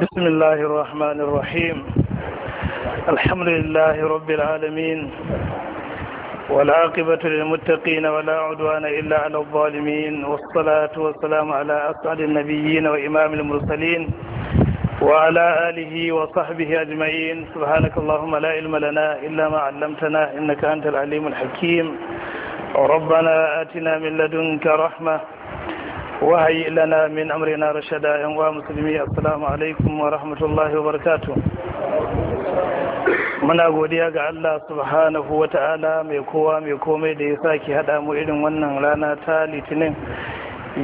بسم الله الرحمن الرحيم الحمد لله رب العالمين والعاقبة للمتقين ولا عدوان إلا على الظالمين والصلاة والسلام على أسعد النبيين وإمام المرسلين وعلى آله وصحبه أجمعين سبحانك اللهم لا علم لنا إلا ما علمتنا إنك أنت العليم الحكيم ربنا آتنا من لدنك رحمة وهي لنا من أمرنا رشدا ينوى مسلمي السلام عليكم ورحمة الله وبركاته muna godiya ga Allah subhanahu wa ta'ala mai kowa mai komai da ya sake haɗa mu irin wannan rana ta litinin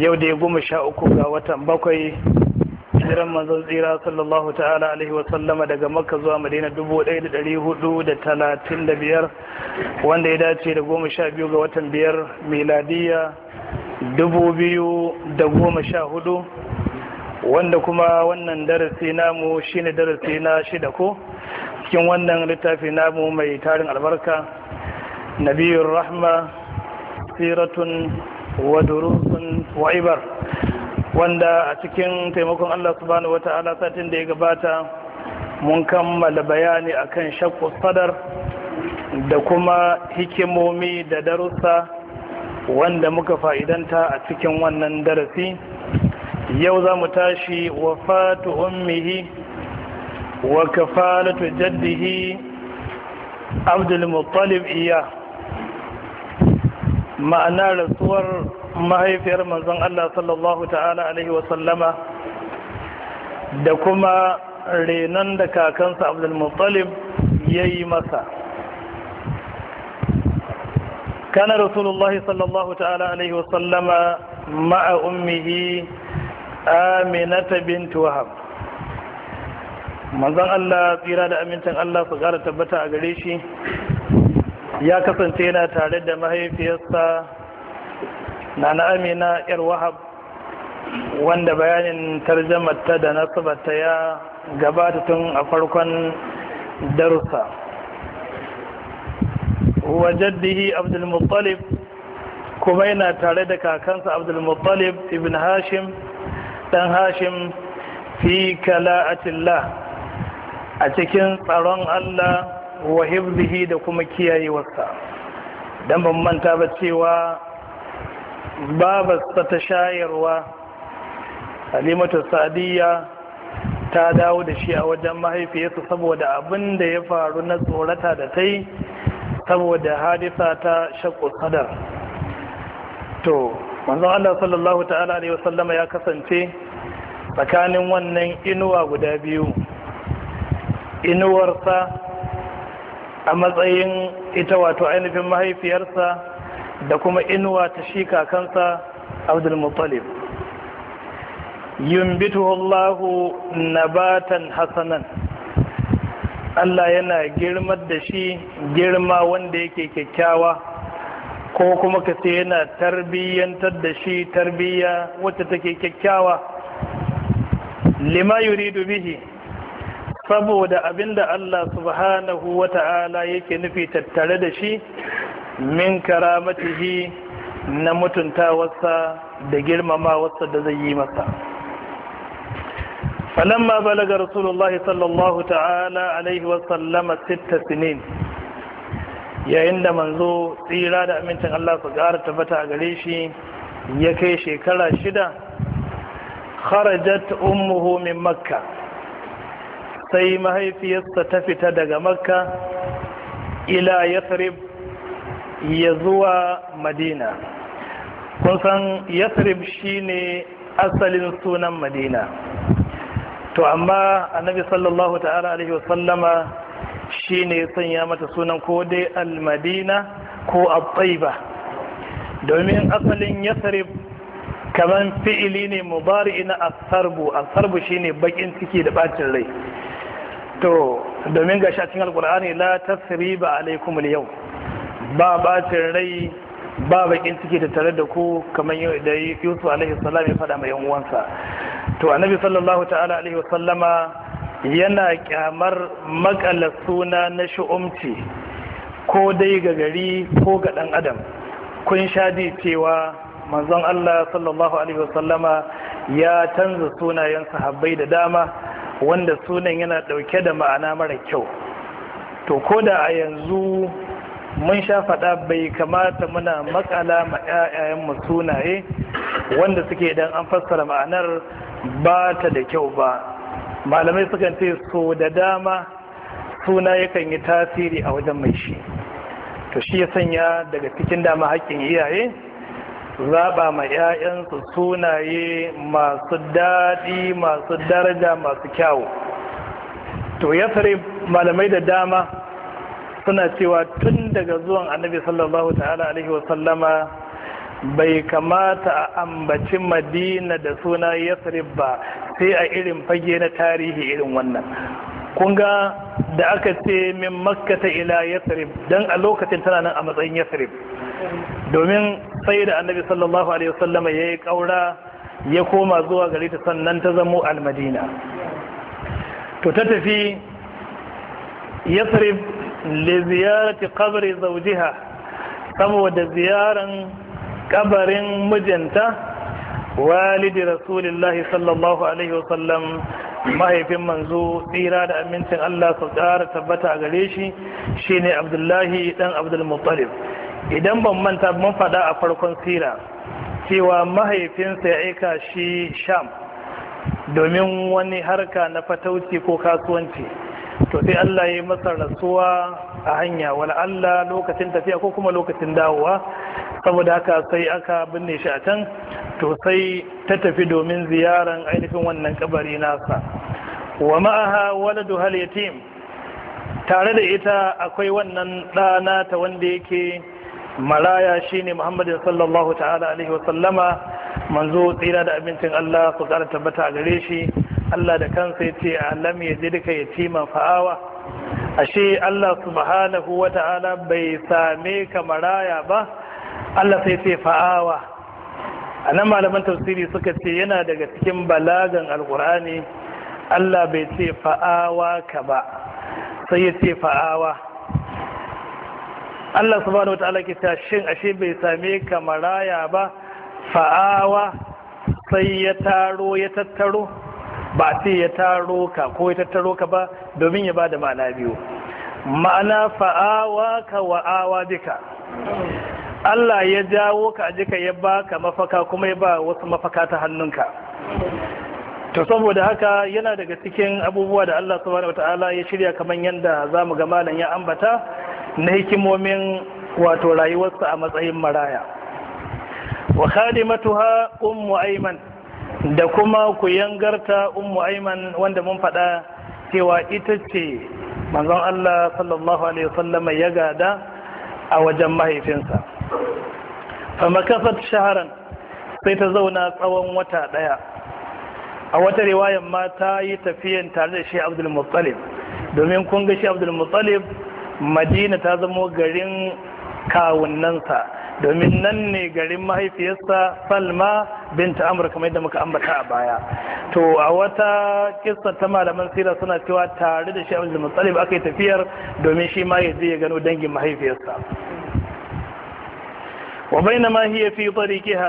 yau da ya goma sha uku ga watan bakwai hijiran manzon tsira sallallahu ta'ala alaihi wasallama daga makka zuwa madina dubu ɗaya da ɗari hudu da talatin da biyar wanda ya dace da goma sha biyu ga watan biyar miladiya hudu, wanda kuma wannan darasi namu shine darasi na shida ko cikin wannan littafi namu mai tarin albarka nabiyur rahma siratun wa durusun wanda a cikin taimakon Allah subhanahu Ta'ala satin da ya gabata mun kammala bayani akan shakku sadar da kuma hikimomi da darussa wanda muka fa'idanta a cikin wannan darasi yau za mu tashi wafatu ummihi wa kafalatu jaddihi abdulmuttalib iya ma'ana rasuwar mahaifiyar manzon Allah sallallahu ta'ala alaihi wasallama da kuma renon da kakansa abdulmuttalib ya yi masa كان رسول الله صلى الله تعالى عليه وسلم مع أمه آمنة بنت وهب manzon Allah tsira da amincin Allah su ƙara tabbata a gare shi ya kasance yana tare da mahaifiyarsa na amina yar wahab wanda bayanin tarjamarta da nasibarta ya gabata tun a farkon darussa wa jaddihi abdul muttalib kuma yana tare da kakansa abdul muttalib ibn hashim dan hashim fi kala'atillah a cikin tsaron Allah wa hibzihi da kuma kiyayewarsa don ban manta ba cewa babasta ta shayarwa halimatu Sadiya ta dawo da shi a wajen mahaifiyarsa saboda abin da ya faru na tsorata da ta saboda hadisa ta shakku sadar to manzon Allah sallallahu ta'ala alaihi wasallama ya kasance tsakanin wannan inuwa guda biyu inuwarsa a matsayin ita wato ainihin mahaifiyarsa da kuma inuwa ta shi kakansa abdul muttalib yumbituhu Allahu nabatan hasanan Allah yana girmar da shi girma wanda yake kyakkyawa ko kuma ka ce yana tarbiyyantar da shi tarbiyya wacce take kyakkyawa lima yuridu bihi saboda abinda Allah subhanahu wa ta'ala yake nufi tattare da shi min karamatihi na mutuntawarsa da girmamawarsa da zai yi masa فلما بلغ رسول الله صلى الله تعالى عليه وسلم ست سنين yayin da manzo tsira da amincin Allah su ƙara tabbata a gare shi ya kai shekara shida kharajat ummuhu makka sai mahaifiyarsa ta fita daga makka ila yathrib ya zuwa madina kun san yathrib shine asalin sunan madina to amma annabi sallallahu ta'ala alaihi wasallama shine sanya mata sunan ko dai almadina ko abtaiba domin asalin yasrib kaman fi'ili ne mubari na asarbu asarbu shine bakin ciki da bacin rai to domin ga shacin alkur'ani la tasriba alaikum yau ba bacin rai ba bakin ciki da tare da ku kamar da yusuf alaihi salam ya faɗa mai yan uwansa to annabi sallallahu ta'ala alaihi wasallama yana kyamar makala suna na shu'umci ko dai ga gari ko ga dan adam kun shadi cewa manzon Allah sallallahu alaihi wasallama ya canza sunayen sahabbai da dama wanda sunan yana dauke da ma'ana mara kyau to ko da a yanzu mun sha faɗa bai kamata muna makala ma 'ya'yanmu sunaye wanda suke idan an fassara ma'anar ba ta da kyau ba malamai sukan ce so da dama suna yakan yi tasiri a wajen mai shi to shi ya sanya daga cikin dama haƙƙin iyaye zaɓa ma 'ya'yansu sunaye masu daɗi masu daraja masu kyawu to ya malamai da dama suna cewa tun daga zuwan annabi sallallahu ta'ala alaihi wasallama bai kamata a ambaci madina da suna yasrib ba sai a irin fage na tarihi irin wannan kunga da aka ce min makka ta ila yasrib don a lokacin tana nan a matsayin yasrib domin sai da annabi sallallahu alaihi wasallama ya yi kaura ya koma zuwa gari ta sannan ta zamo almadina to ta tafi yasrib li kabari zaujiha saboda ziyaran kabarin mijinta walidi rasulillahi sallallahu alaihi wasallam mahaifin manzo tsira da amincin Allah su ƙara tabbata a gare shi shine Abdullahi dan abdulmuttalib idan ban manta mun faɗa a farkon sira cewa mahaifinsa ya aika shi Sham domin wani harka na fatauci ko kasuwanci to sai Allah ya masa rasuwa a hanya wala Allah lokacin tafiya ko kuma lokacin dawowa saboda haka sai aka binne shi a can to sai ta tafi domin ziyaran ainihin wannan kabari nasa wa ma'aha waladu hal yatim tare da ita akwai wannan ɗana ta wanda yake maraya shine muhammad sallallahu ta'ala alaihi sallama manzo tsira da abincin Allah su tabbata a gare shi Allah da kansa ya ce alam ya ji duka ya ci fa'awa ashe Allah subhanahu wa ta'ala bai same ka maraya ba Allah sai ce fa'awa a nan malaman tafsiri suka ce yana daga cikin balagan alkur'ani Allah bai ce fa'awa ka ba sai ya ce fa'awa Allah subhanahu wa ta'ala ke ta shin ashe bai same ka maraya ba fa'awa sai ya taro ya tattaro ba a ce ya taro ka ko ya tattaro ka ba domin ya ba da ma'ana biyu ma'ana fa'awa ka wa'awa duka Allah ya jawo ka jika ya ba ka mafaka kuma ya ba wasu mafaka ta hannunka to saboda haka yana daga cikin abubuwa da Allah subhanahu wata'ala ya shirya kamar yadda zamu ga malam ya ambata na hikimomin wato rayuwarsa a matsayin maraya wa khadimatuha ummu ayman da kuma ku yangarta ummu aiman wanda mun faɗa cewa ita ce manzon Allah sallallahu alaihi wasallam ya gada a wajen mahaifinsa fa makafat shaharan sai ta zauna tsawon wata ɗaya. a wata riwayan ma ta yi tafiyan tare da shi Abdul Muttalib domin kun ga shi Abdul Muttalib Madina ta zamo garin kawunansa domin nan ne garin mahaifiyarsa salma binta amur kamar yadda muka ambata a baya to a wata kissa ta malaman sira suna cewa tare da shi da matsalib aka yi tafiyar domin shi ma ya je ya gano dangin mahaifiyarsa wa bainama hiya fi tariqiha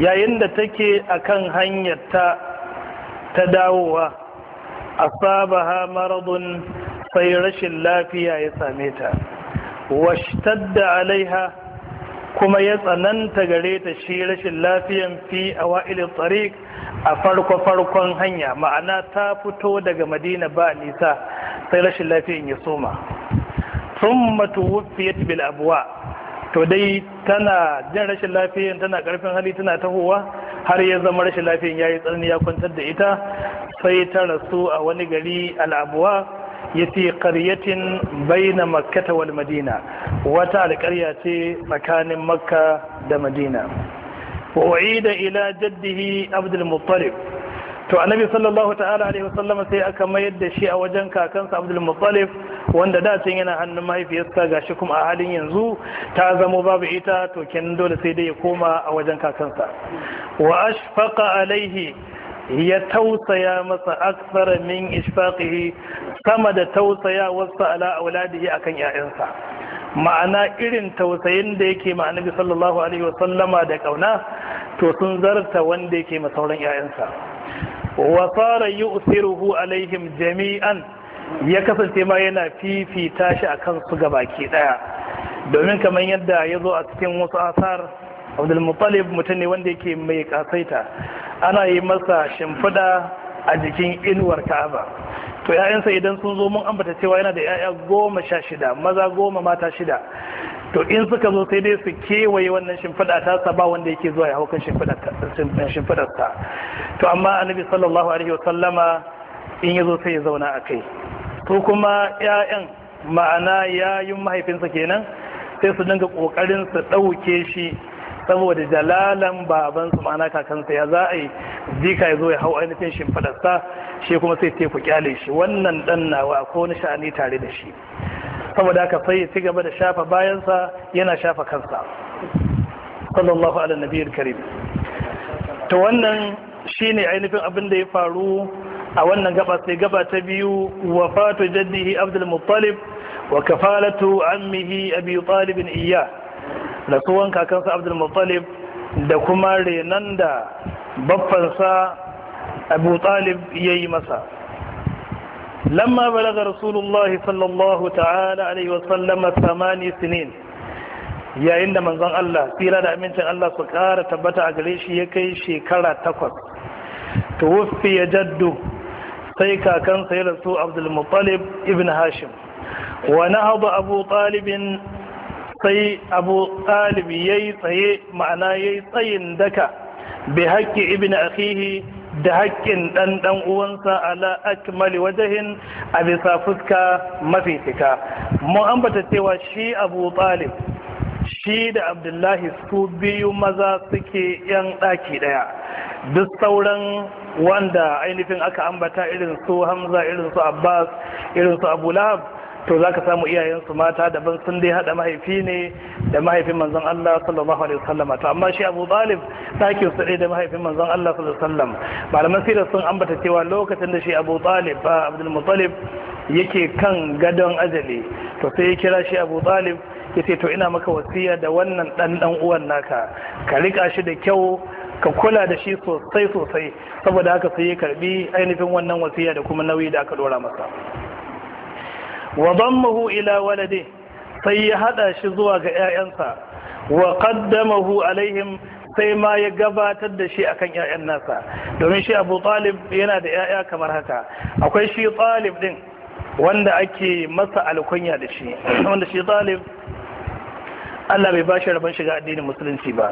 yayin da take akan hanyar ta ta a asabaha maradun sai rashin lafiya ya same ta washtadda alaiha kuma ya tsananta gare ta shi rashin lafiyan fi a wa'ilin tsarik a farko-farkon hanya ma'ana ta fito daga madina ba nisa sai rashin lafiyan ya soma sun matuwufiyat bil abuwa to dai tana jin rashin lafiyan tana karfin hali tana tahowa har ya zama rashin lafiyan ya yi tsanani ya kwantar da ita sai ta rasu a wani gari al'abuwa ya ce ƙaryatin bayna makkata wal madina wata alƙarya ce tsakanin makka da madina wa'ida ila jaddihi abdul muttalib to annabi sallallahu ta'ala alaihi wasallam sai aka mayar da shi a wajen kakansa abdul muttalib wanda da tun yana hannun mahaifiyarsa gashi kuma a halin yanzu ta zamo babu ita to kenan dole sai dai ya koma a wajen kakansa wa ashfaqa alaihi ya tausaya masa aksara min ishfaqihi sama da tausaya wasu ala auladihi akan ƴaƴansa ma'ana irin tausayin da yake ma annabi sallallahu alaihi sallama da kauna to sun zarta wanda yake ma sauran ƴaƴansa wa sara yu'thiruhu alaihim jami'an ya kasance ma yana fifita shi akan su gabaki daya domin kamar yadda ya zo a cikin wasu asar abdulmuttalib mutum ne wanda yake mai kasaita ana yi masa shimfida a jikin inuwar ka'aba to ya'yansa idan sun zo mun ambata cewa yana da ya'ya goma sha shida maza goma mata shida to in suka zo sai dai su kewaye wannan shimfida ta sa ba wanda yake zuwa ya hau kan ta to amma annabi sallallahu alaihi wa sallama in ya zo sai ya zauna a kai to kuma ya'yan ma'ana yayin mahaifinsa kenan sai su dinga kokarin su ɗauke shi saboda jalalan baban su ma'ana kakansa ya za a yi zika ya zo ya hau ainihin shimfadarsa, shi kuma sai teku kyale shi wannan dan nawa ko wani sha'ani tare da shi saboda haka sai ya ci gaba da shafa bayansa yana shafa kansa sallallahu ala nabiyar karim to wannan shine ainihin abin da ya faru a wannan gaba sai gaba ta biyu wafatu jaddihi abdul muttalib wa kafalatu ammihi abi talib iyya rasuwan kakansa abdulmuttalib da kuma renan da baffansa abu talib ya yi masa lamma balaga rasulullah sallallahu ta'ala alaihi wasallama samani sinin yayin da manzon Allah tsira da amincin Allah su kara tabbata a gare shi ya kai shekara takwas to wufi ya jaddu sai kakansa ya rasu abdulmuttalib ibn hashim wa nahaba abu talibin sai abu talib ya yi tsaye ma'ana ya yi tsayin daka bi haƙƙi ibn akhihi da haƙƙin ɗan ɗan uwansa ala akmali wajahin a bisa fuska mafi cika mun ambata cewa shi abu talib shi da abdullahi su biyu maza suke yan ɗaki ɗaya duk sauran wanda ainihin aka ambata irin su hamza irin su abbas irin su abu lahab to za ka samu iyayensu mata daban sun dai hada mahaifi ne da mahaifin manzon Allah sallallahu alaihi wasallam to amma shi Abu Talib sakin su da mahaifin manzon Allah sallallahu alaihi wasallam malaman sirar sun ambata cewa lokacin da shi Abu Talib ba Abdul Muttalib yake kan gadon ajali to sai ya kira shi Abu Talib yace to ina maka wasiya da wannan dan dan uwan naka ka rika shi da kyau ka kula da shi sosai sosai saboda haka sai ya karbi ainihin wannan wasiya da kuma nauyi da aka dora masa wa dammahu ila walade sai ya hada shi zuwa ga 'ya'yansa wa qaddamahu alaihim sai ma ya gabatar da shi akan 'ya'yan nasa domin shi Abu Talib yana da 'ya'ya kamar haka akwai shi Talib din wanda ake masa alkunya da shi wanda shi Talib Allah bai bashi rabon shiga addinin musulunci ba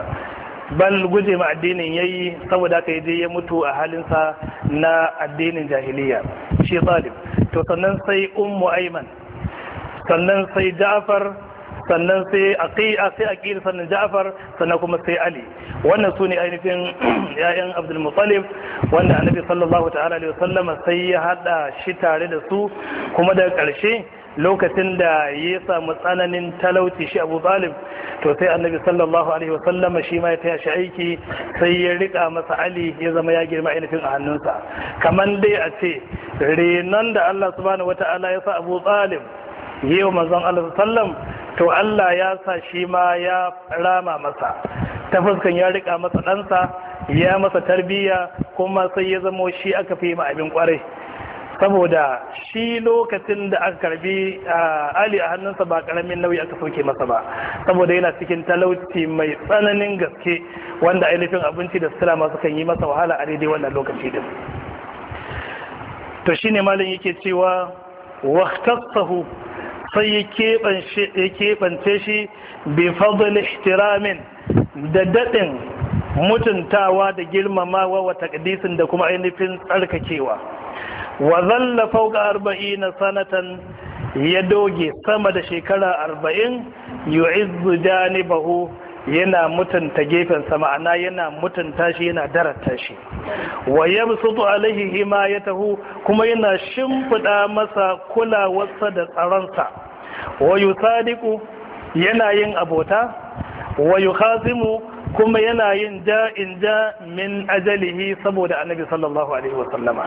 bal guje ma addinin yayi saboda haka je ya mutu a halinsa na addinin jahiliya shi talib to sannan sai ummu aiman sannan sai ja'far sannan sai aqiya ah, sai aqil sannan ja'far sannan kuma sai ali wannan su ne ainihin ya'yan abdul muttalib wanda annabi sallallahu ta'ala alaihi wasallama sai ya hada shi tare da su kuma daga ƙarshe lokacin da ya samu tsananin talauci shi abu talib to sai annabi sallallahu alaihi wasallama shi ma ya taya shi aiki sai ya rika masa ali ya zama ya girma ainihin a hannunsa kamar dai a ce renon da allah subhanahu wata'ala ya sa abu talib yi wa manzon allah sallam to allah ya sa shi ma ya rama masa ta fuskan ya rika masa ɗansa ya masa tarbiyya kuma sai ya zama shi aka fi ma abin kwarai saboda shi lokacin da aka karbi ali a hannunsa ba karamin nauyi aka soke masa ba saboda yana cikin talauci mai tsananin gaske wanda ainihin abinci da sutura masu kan yi masa wahala a daidai wannan lokaci din to shi ne malin yake cewa waqtasahu sai ya keɓance shi bi fadl ihtiramin da daɗin mutuntawa da girmamawa wa takdisin da kuma ainihin tsarkakewa wa zalla fauka arba'ina sanatan ya doge sama da shekara arba'in yu'izzu bahu yana mutunta gefen gefensa ma'ana yana mutunta shi yana darata shi wa yabsutu alaihi himayatahu kuma yana shimfiɗa masa kulawarsa da tsaronsa wa yusadiqu yana yin abota wa yukhasimu kuma yana yin ja'in ja min ajalihi saboda annabi sallallahu alaihi wasallama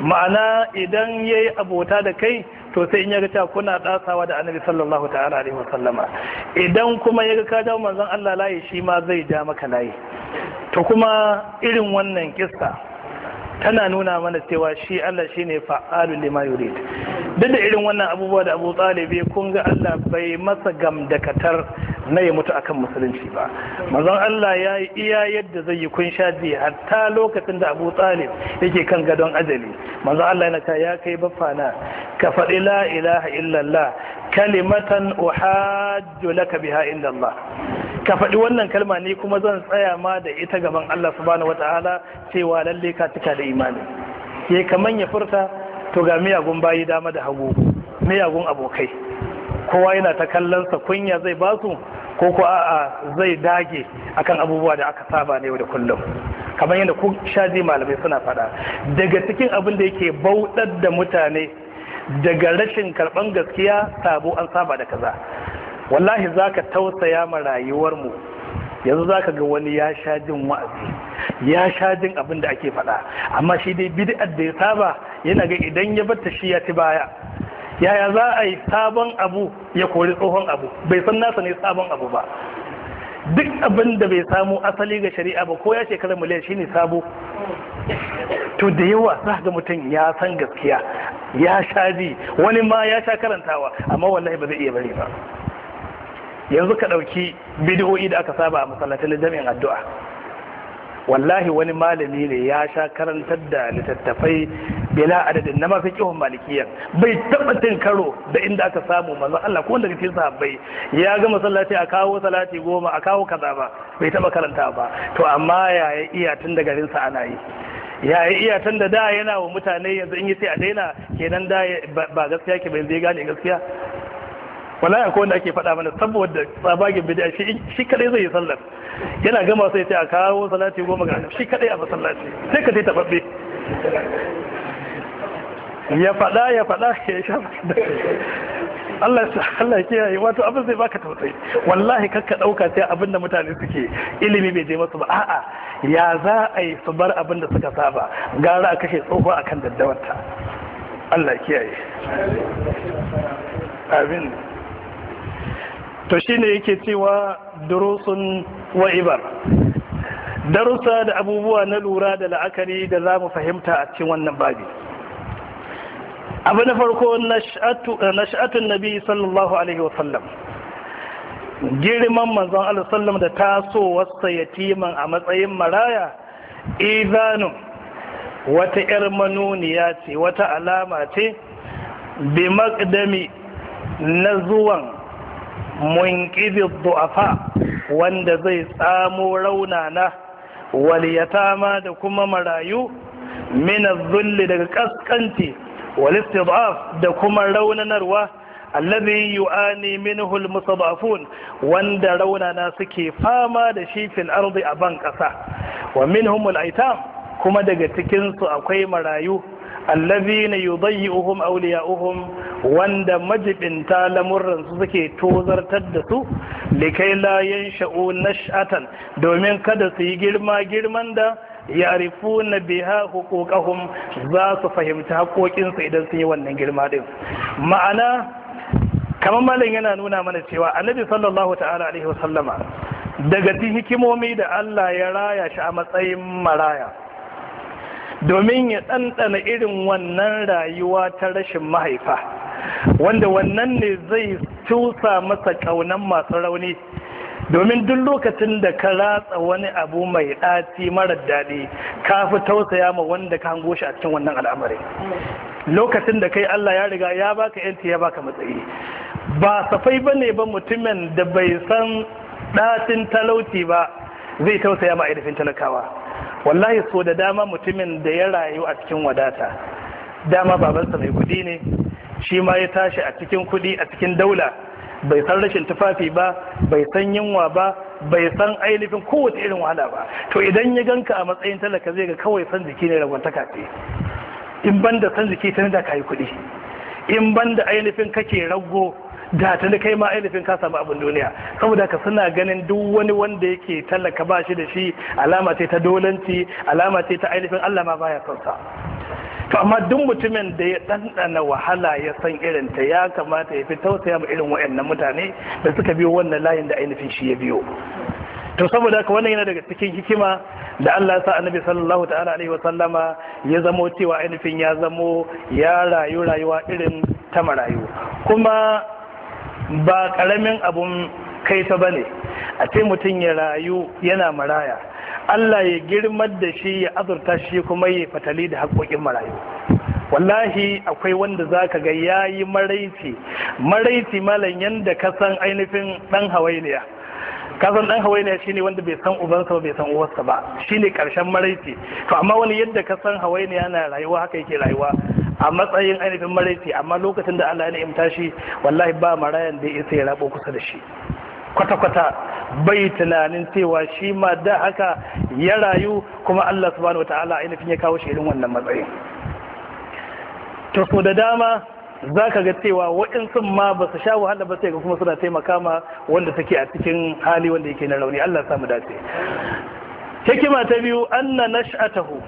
ma'ana idan ya yi abota da kai to sai in yaga cewa kuna ɗasawa da annabi sallallahu ta'ala alaihi wasallama idan kuma ya ga ka jawo manzon Allah layi shi ma zai ja maka layi to kuma irin wannan kissa tana nuna mana cewa shi Allah shine fa'alul lima yurid duk da irin wannan abubuwa da Abu Talib kun ga Allah bai masa gamdakatar na ya mutu akan musulunci ba mazan Allah ya yi iya yadda zai yi kun shaji hatta lokacin da Abu Talib yake kan gadon ajali mazan Allah yana ta ya kai baffana ka faɗi la ilaha illallah kalimatan uhajju laka biha illallah ka faɗi wannan kalma ne kuma zan tsaya ma da ita gaban Allah subhanahu wataala cewa lalle ka cika da imani ke kaman ya furta to ga miyagun bayi dama da hagu miyagun abokai kowa yana ta kallonsa kunya zai ba su ko ko a'a zai dage akan abubuwa da aka saba ne da kullum kamar yadda ku shaji malamai suna faɗa daga cikin abin da yake bauɗar da mutane daga rashin karɓan gaskiya sabo an saba da kaza wallahi zaka tausaya ma rayuwarmu yanzu zaka ga wani ya sha jin wa'azi ya sha jin abin da ake faɗa amma shi dai bid'ar da ya saba yana ga idan ya bar ta shi ya ci baya yaya za a yi sabon abu ya kori tsohon abu bai san nasa ne sabon abu ba duk abin da bai samu asali ga shari'a ba ko ya shekarar miliyan shine sabo to da yawa za ga mutum ya san gaskiya ya sha ji wani ma ya sha karantawa amma wallahi ba zai iya bari ba yanzu ka ɗauki bidiyo'i da aka saba a masallacin jami'in addu'a wallahi wani malami ne ya sha karantar da littattafai bila adadin na mafi kihon malikiyan bai taɓa cin karo da inda aka samu maza, Allah ko wanda cikin sahabbai ya ga masallaci a kawo salati goma a kawo kaza ba bai taɓa karanta ba to amma yaya iya tun da garin ana yi ya yi tun da da yana wa mutane yanzu in yi sai a daina kenan da ba gaskiya ke bai zai gane gaskiya wala ya wanda ake faɗa mana saboda tsabagin bidi a shi kadai zai yi sallar yana gama sai ce a kawo salati goma ga shi kadai a masallaci sai ka taita babbe ya faɗa ya faɗa ya sha Allah Allah ke yi wato abin zai baka tausayi wallahi kakka dauka sai abin da mutane suke ilimi bai je masu ba a'a ya za a yi su bar abin da suka saba gara a kashe tsoho akan daddawarta Allah kiyaye abin to shine yake cewa durusun wa ibar darussa da abubuwa na lura da la'akari da za mu fahimta a cikin wannan babi abu na farko nash'atun nabi sallallahu alaihi wasallam girman manzon Allah sallam da tasowarsa yatiman a matsayin maraya izanu wata ‘yar manuniya ce wata alama ce bi makdami na zuwan munqidhi du'afa wanda zai tsamo raunana wal da kuma marayu min daga kaskanti wal da kuma raunanarwa allazi yu'ani minhu al-mustad'afun wanda raunana suke fama da shifin fil a ban kasa wa minhum al-aitam kuma daga cikinsu akwai marayu allazina yudayyi'uhum awliya'uhum wanda majibinta lamurran su suke tozartar da su likai la yansha'u nash'atan domin kada su yi girma girman da yarifuna biha huquqahum za su fahimci haƙoƙinsu idan sun yi wannan girma din ma'ana kamar yana nuna mana cewa annabi sallallahu ta'ala alaihi wasallama daga cikin hikimomi da Allah ya raya shi a matsayin maraya domin ya ɗanɗana irin wannan rayuwa ta rashin mahaifa wanda wannan ne zai cusa masa ƙaunan masu rauni domin duk lokacin da ka ratsa wani abu mai ɗaci marar daɗi ka fi tausaya ma wanda ka hango shi a cikin wannan al'amari lokacin da kai Allah ya riga ya baka yanci ya baka matsayi ba safai ba ne ba mutumin da bai san ɗacin talauci ba zai tausaya ma ainihin talakawa wallahi so da dama mutumin da ya rayu a cikin wadata dama babansa mai kudi ne shi ma ya tashi a cikin kudi a cikin daula bai san rashin tufafi ba bai san yunwa ba bai san ainihin kowace irin wahala ba to idan ya ganka a matsayin talaka zai ga kawai san jiki ne ragwantaka ce in ban da san jiki tana da kayi kudi in ban da ainihin kake raggo. da ta kai ma ainihin ka samu abin duniya saboda ka suna ganin duk wani wanda yake tallaka ba shi da shi alama ce ta dolanci alama ce ta ainihin Allah ma baya son to amma duk mutumin da ya ɗanɗana wahala ya san irin ta ya kamata ya fi tausaya ma irin wayannan mutane da suka biyo wannan layin da ainihin shi ya biyo to saboda haka wannan yana daga cikin hikima da Allah sa annabi sallallahu ta'ala alaihi wa sallama ya zamo cewa ainihin ya zamo ya rayu rayuwa irin ta marayu kuma ba karamin abun kai ta bane a ce mutum ya rayu yana maraya Allah ya girmar da shi ya azurta shi kuma ya fatali da haƙoƙin marayu wallahi akwai wanda za ka ga ya yi maraici maraici malam yadda ka san ainihin ɗan hawainiya kasan dan hawainiya shine wanda bai san ubansa ba bai san uwarsa ba shine karshen maraice to amma wani yadda ka san hawainiya na rayuwa haka yake rayuwa a matsayin ainihin maraice amma lokacin da Allah ya ni'imta shi wallahi ba marayan da isa ya rabo kusa da shi kwata-kwata bai tunanin cewa shi ma da haka ya rayu kuma Allah subhanahu wataala ainihin ya kawo shi irin wannan matsayin to so da dama za ka ga cewa waɗansu ma ba su sha wahala ba sai ga kuma suna taimaka ma wanda take a cikin hali wanda yake na rauni Allah samu dace hikima ta biyu anna nash'atahu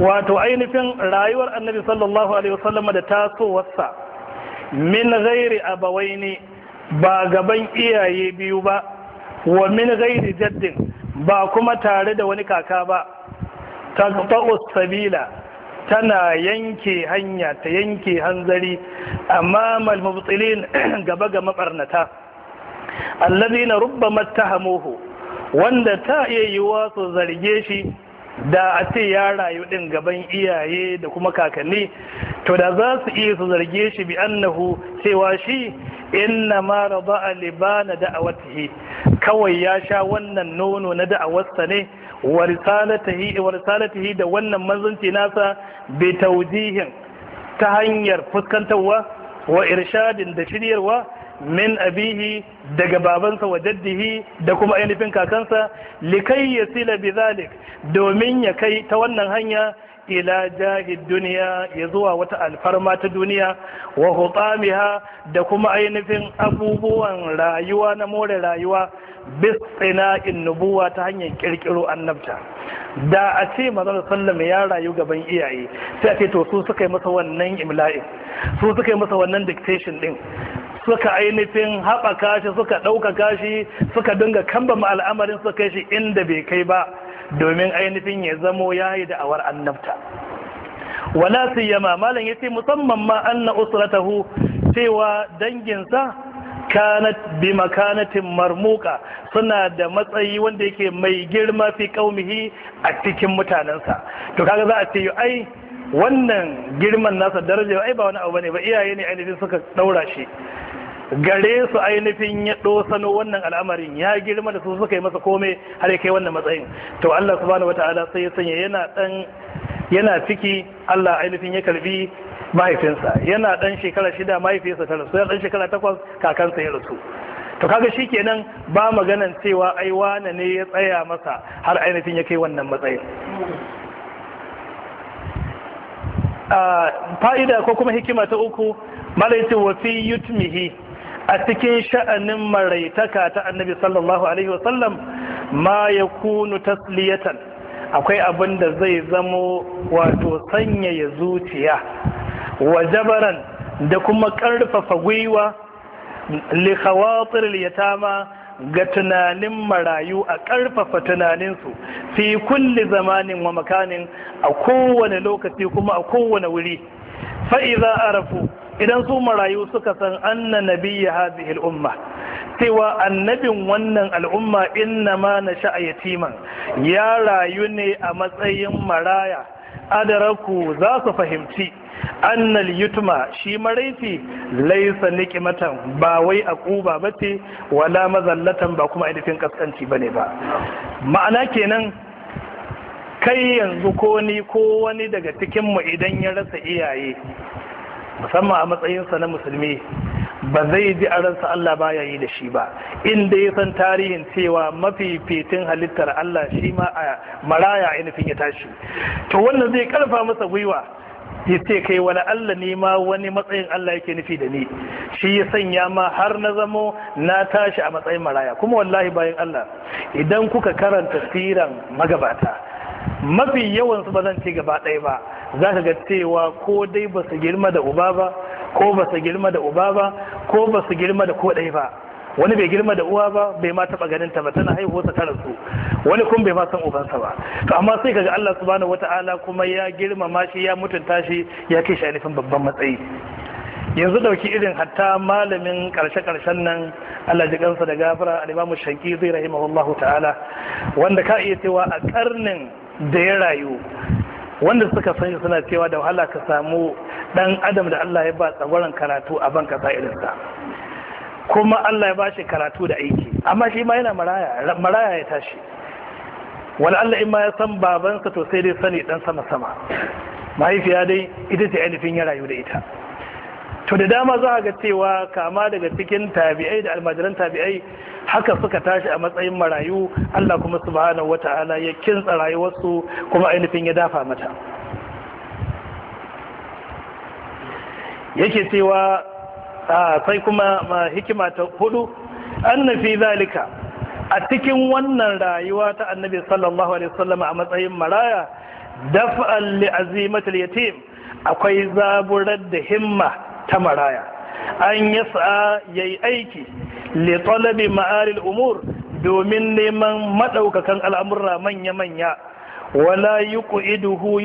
wato ainihin rayuwar annabi sallallahu alaihi wasallam da tasowarsa min ghairi abawaini ba gaban iyaye biyu ba wa min ghairi jaddin ba kuma tare da wani kaka ba taqta'u sabila tana yanke hanya ta yanke hanzari amma malmubtilin gaba ga mabarnata allazina rubbama tahamuhu wanda ta iya yiwa su zarge shi da a ce ya rayu din gaban iyaye da kuma kakanni to da za su iya su zarge shi bi annahu cewa shi inna ma raba libana da'awatihi kawai ya sha wannan nono na da'awarsa ne wa da wannan manzanci nasa bi tawjihin ta hanyar fuskantarwa wa irshadin da shiryarwa min abihi daga babansa wa jaddihi da kuma ainihin kakansa likai yasila bi zalik domin ya kai ta wannan hanya ila jahid duniya ya zuwa wata alfarma ta duniya wa hutamiha da kuma ainihin abubuwan rayuwa na more rayuwa in nubuwa ta hanyar kirkiro annabta da a ce mazan sallama ya rayu gaban iyaye sai a ce to su suka yi masa wannan imla'in su suka yi masa wannan dictation din suka ainihin haɓaka shi suka ɗaukaka shi suka dinga kambama al'amarin suka kai shi inda bai kai ba domin ainihin ya zamo ya yi da'awar annabta wala su malin malam ce musamman ma an anna usratahu cewa danginsa kanat bi makanatin marmuka suna da matsayi wanda yake mai girma fi kaumihi a cikin mutanensa to kaga za a ce ai wannan girman nasa daraja ai ba wani abu bane ba iyaye ne ainihin suka daura shi gare su ainihin ya dosano wannan al'amarin ya girma da su suka yi masa komai har ya kai wannan matsayin to Allah subhanahu wataala sai ya sanya yana dan yana ciki Allah ainihin ya karbi mahaifinsa yana dan shekara shida mahaifinsa ta sai dan shekara takwas kakansa ya rasu to kaga shikenan ba maganan cewa ai wane ne ya tsaya masa har ainihin ya kai wannan matsayin ah, fa'ida ko kuma hikima ta uku wa fi yutmihi a cikin sha'anin maraitaka ta annabi sallallahu alaihi wasallam ma ya kunu tasliyatan akwai abin da zai zamo wato sanyaya zuciya wa jabaran da kuma karfafa gwiwa li khawatir yatama ga tunanin marayu a ƙarfafa tunaninsu fi kulli zamanin wa makanin a kowane lokaci kuma a kowane wuri fa'iza arafu idan su marayu suka san anna nabi ya al-umma cewa annabin wannan al'umma inna ma nasha'a yatiman ya rayu ne a matsayin maraya adaraku za su fahimci annal yutma shi maraici laisa nikimatan ba wai a ƙuba bace wala mazallatan ba kuma ainihin kaskanci ne ba ma'ana kenan kai yanzu ko ni ko wani daga cikinmu idan ya rasa iyaye musamman a matsayinsa na musulmi ba zai ji a ransa Allah baya yi da shi ba inda ya san tarihin cewa mafi fitin halittar Allah shi ma a maraya ainihin ya tashi to wannan zai karfa masa gwiwa ya ce kai wani Allah ne ma wani matsayin Allah yake nufi da ni shi ya sanya ma har na zamo na tashi a matsayin maraya kuma wallahi bayan Allah idan kuka karanta siran magabata mafi yawan su ba zan ce gaba ɗaya ba za ka ga cewa ko dai ba su girma da uba ba ko ba su girma da uba ba ko ba su girma da ko ɗaya ba wani bai girma da uwa ba bai ma taba ganin ta ba tana haihuwa ta tara su wani kuma bai ma san ubansa ba to amma sai kaga Allah subhanahu wataala kuma ya girmama shi ya mutunta shi ya kai shi ainihin babban matsayi yanzu dauki irin hatta malamin karshe karshen nan Allah ji kansa da gafara al-Imam zai rahimahullahu ta'ala wanda ka iya cewa a karnin da ya rayu wanda suka sanya suna cewa da wahala ka samu dan adam da Allah ya ba tsagwaron karatu a ban kasa kuma Allah ya ba shi karatu da aiki amma shi ma yana maraya maraya ya tashi wani Allah in ma ya san babansa to sai dai sani dan sama sama mahaifiya dai ita ce ainihin ya rayu da ita to da dama za ga cewa kama daga cikin tabi'ai da almajiran tabi'ai haka suka tashi a matsayin marayu Allah kuma subhanahu wata'ala ya kintsa rayuwarsu kuma ainihin ya dafa mata yake cewa sai kuma hikima ta hudu annafi zalika a cikin wannan rayuwa ta annabi sallallahu alaihi wasallam a matsayin maraya daf'a li azimatil yatim akwai zaburar da himma ta maraya an yi sa'a ya yi aiki le talabi ma'aril umur domin neman maɗaukakan al'amurra manya-manya wala yi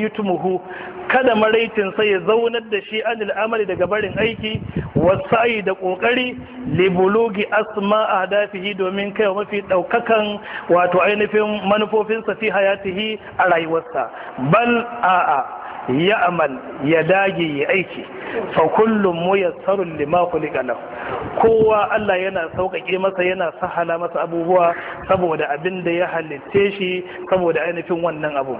yi tumuhu kada maraitin sai ya zaunar da shi an al'amari daga barin aiki wasu ayi da ƙoƙari libologi bulugi asma hadafihi domin kai mafi ɗaukakan wato ainihin manufofinsa fi hayatihi a rayuwarsa bal a'a ya amal ya dage ya aiki fa kullum mu lima tsarun lahu kowa Allah yana sauƙaƙe masa yana sahala masa abubuwa saboda abin da ya halitte shi saboda ainihin wannan abun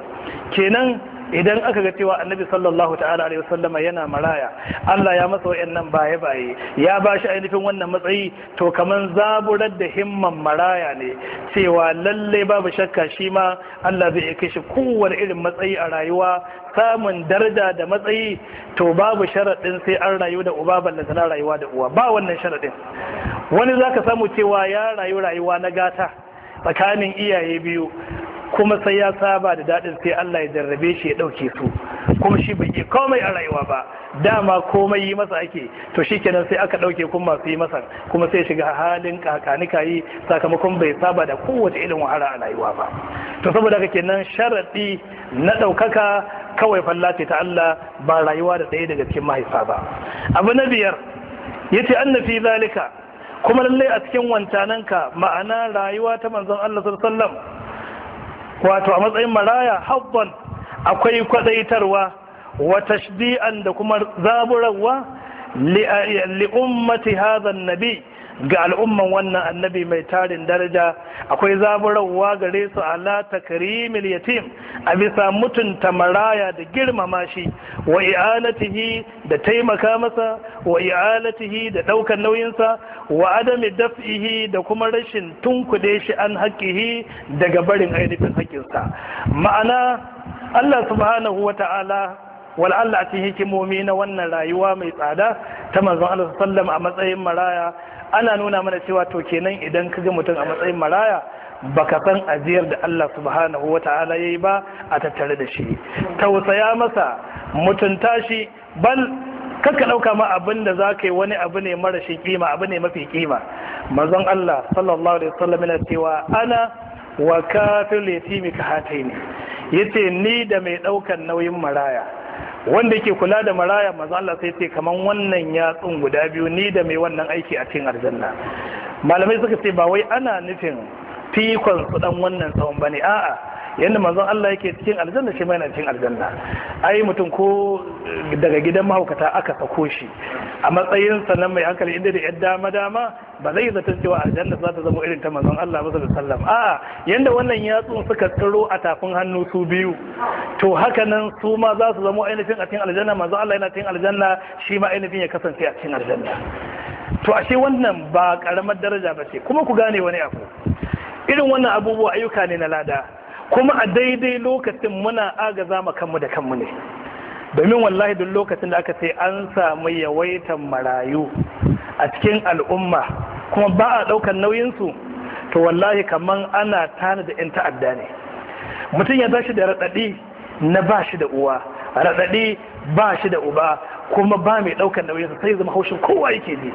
kenan idan aka ga cewa annabi sallallahu ta'ala alaihi wasallama yana maraya Allah ya masa wayannan baye baye ya ba shi ainihin wannan matsayi to kaman zaburar da himman maraya ne cewa lalle babu shakka shi ma Allah zai kai shi kowane irin matsayi a rayuwa samun daraja da matsayi to babu sharaɗin sai an rayu da uba ballanta na rayuwa da uwa ba wannan sharaɗin wani zaka samu cewa ya rayu rayuwa na gata tsakanin iyaye biyu kuma sai ya saba da daɗin sai Allah ya jarrabe shi ya ɗauke su kuma shi bai komai a rayuwa ba dama komai yi masa ake to shi kenan sai aka ɗauke kuma masu yi masa kuma sai shiga halin kakanika yi sakamakon bai saba da kowace irin wahala a rayuwa ba to saboda haka kenan sharaɗi na ɗaukaka kawai fallace ta Allah ba rayuwa da ɗaya daga cikin mahaifa ba abu na biyar yace annafi zalika kuma lallai a cikin wancananka ma'ana rayuwa ta manzon Allah sallallahu alaihi wasallam wato a matsayin maraya habban akwai kwadaitarwa wa tashbi'an da kuma zaburarwa li eh, ummati hadha nabi ga al'umman wannan annabi mai tarin daraja akwai zaburarwa gare su ala takrimil yatim a bisa mutunta maraya da girmama shi wa i'anatihi da taimaka masa wa i'alatihi da daukar nauyinsa wa adami daf'ihi da kuma rashin tunkude shi an haƙihi daga barin ainihin haƙinsa ma'ana Allah subhanahu wa wal'alla a cikin hikimomi na wannan rayuwa mai tsada ta manzon Allah sallam a matsayin maraya ana nuna mana cewa to kenan idan ka ga mutum a matsayin maraya baka san ajiyar da Allah subhanahu wata'ala yayi ba a tattare da shi tausaya masa mutunta shi bal kakka ɗauka ma abinda da za ka yi wani abu ne mara shi kima abu ne mafi kima manzon Allah sallallahu alaihi wasallam yana cewa ana wa kafil yatimi ka hatai ne yace ni da mai ɗaukan nauyin maraya wanda ke kula da maraya maza Allah sai ce kaman wannan yatsun guda biyu ni da mai wannan aiki a cikin aljanna malamai suka ce ba wai ana nufin fikon su dan wannan tsawon bane a'a yadda manzon Allah yake cikin aljanna shi mai na cikin aljanna ai mutum ko daga gidan mahaukata aka sako shi a matsayin sannan mai hankali inda da yadda dama dama ba zai zaton cewa aljanna za ta zama irin ta manzon Allah ba zai Sallam. a yadda yanda wannan yatsun suka tsaro a tafin hannu su biyu to haka nan su ma za su zama ainihin a cikin aljanna manzon Allah yana cikin aljanna shi ma ainihin ya kasance a cikin aljanna to ashe wannan ba karamar daraja ba ce kuma ku gane wani abu irin wannan abubuwa ayyuka ne na lada kuma a daidai lokacin muna agaza ma kanmu da kanmu ne domin wallahi duk lokacin da aka ce an samu yawaitan marayu a cikin al'umma kuma ba a ɗaukar nauyinsu to wallahi kamar ana tana da 'yan ta'adda ne mutum ya tashi da raɗaɗi na bashi da uwa raɗaɗi ba shi da uba kuma ba mai ɗaukar nauyinsa sai zama haushin kowa yake ji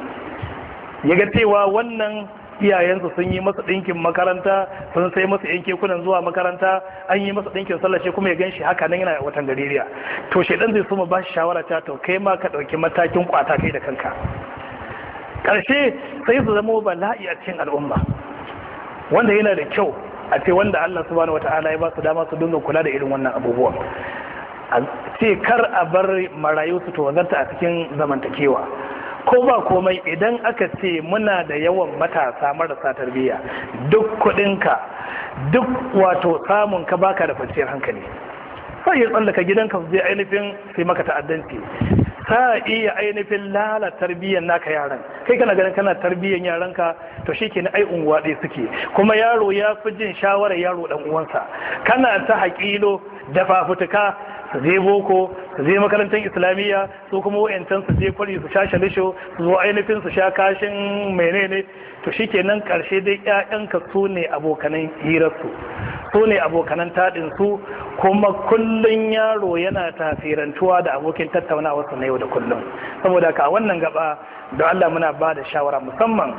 ya ga cewa wannan Iyayensu sun yi masa ɗinkin makaranta sun sai masa yan kekunan zuwa makaranta an yi masa ɗinkin shi kuma ya gan shi haka nan yana watan gaririya to shaidan zai suma ba shi shawara ta to kai ma ka ɗauki matakin kwata kai da kanka Karshe sai su zama bala'i a cikin al'umma wanda yana da kyau a ce wanda Allah subhanahu wata'ala ya ba su dama su dinga kula da irin wannan abubuwan a ce kar a bar marayu su to a cikin zamantakewa ko ba komai idan aka ce muna da yawan matasa marasa tarbiyya duk kudinka duk wato samun ka baka da kwanciyar hankali sai ya tsallaka gidanka su je ainihin sai maka ta'addanci ta iya ainihin lalatar tarbiyyar naka yaran kai kana ganin kana tarbiyyar yaranka to shi ke ai unguwa ɗaya suke kuma yaro ya fi jin shawarar yaro ɗan uwansa kana ta haƙilo da fafutuka su je boko su je makarantar islamiyya su kuma wayancan su je kwari su sha shalisho su zo ainihin su sha kashin menene to shi kenan karshe dai ka su ne abokanan hirarsu su ne abokanan taɗin su kuma kullun yaro yana tasirantuwa da abokin tattaunawa su na yau da kullum saboda ka wannan gaba da Allah muna bada shawara musamman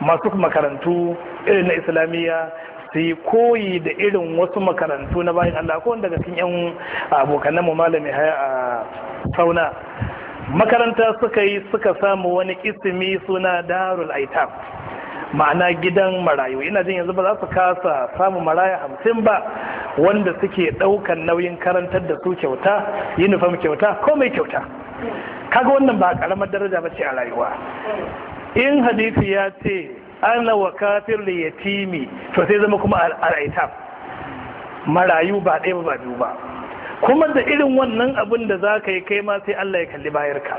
masu makarantu irin na islamiyya su yi koyi da irin wasu makarantu na bayan Allah ko daga cikin yan abokan mu malami haya a sauna makaranta suka yi suka samu wani ismi suna darul aitam ma'ana gidan marayu ina jin yanzu ba za su kasa samu maraya hamsin ba wanda suke ɗaukan nauyin karantar da su kyauta uniform kyauta ko mai kyauta kaga wannan ba a karamar daraja ba ce a rayuwa in hadisi ya ce ana wa kafir da yatimi to sai zama kuma al'aitab marayu ba ɗaya ba biyu ba kuma da irin wannan abin da za ka yi kai ma sai Allah ya kalli bayar ka.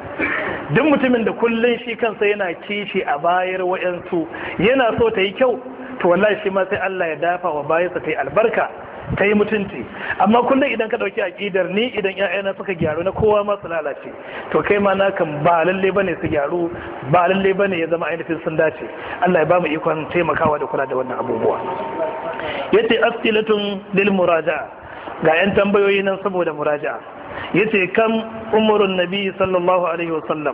duk mutumin da kullum shi kansa yana kishi a bayar wa'yansu yana so ta yi kyau to wallahi shi ma sai Allah ya dafa wa bayarsa ta yi albarka Kai yi mutunci amma kullum idan ka ɗauki aƙidar ni idan ‘ya'yana suka gyaru na kowa masu lalace to kai ma na kan ba lalle bane su gyaru ba lalle bane ya zama ainihin sun dace Allah ya ba mu ikon taimakawa da kula da wannan abubuwa yace as'ilatun lil muraja'a ga ‘yan tambayoyi nan saboda muraja'a yace kam umurun nabi sallallahu alaihi wasallam